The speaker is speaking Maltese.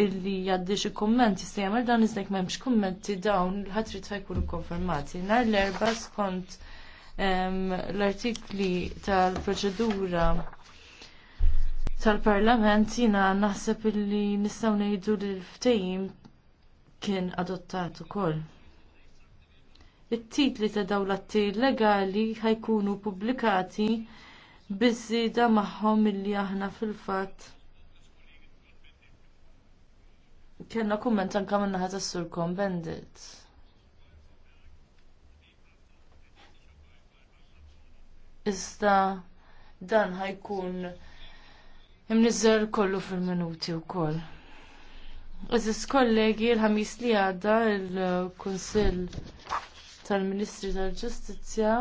illi jaddi xi kumment jista' jagħmel dan iżdek m'hemmx kummenti dawn li ħatrid jkunu konfermati. Nhar l-erba skont l-artikli tal-proċedura tal-Parlament jiena naħseb illi nistgħu ngħidu li l ftejim kien adottat ukoll. It-titli ta' dawlatti legali ħajkunu publikati bizzida magħhom illi aħna fil-fatt Kellna kumment anka minna tas sur kombendit. Iżda dan ħajkun imnizzer kollu fil-minuti u koll. Iżis kollegi l-ħamis li għadda il-Kunsill tal-Ministri tal-Ġustizja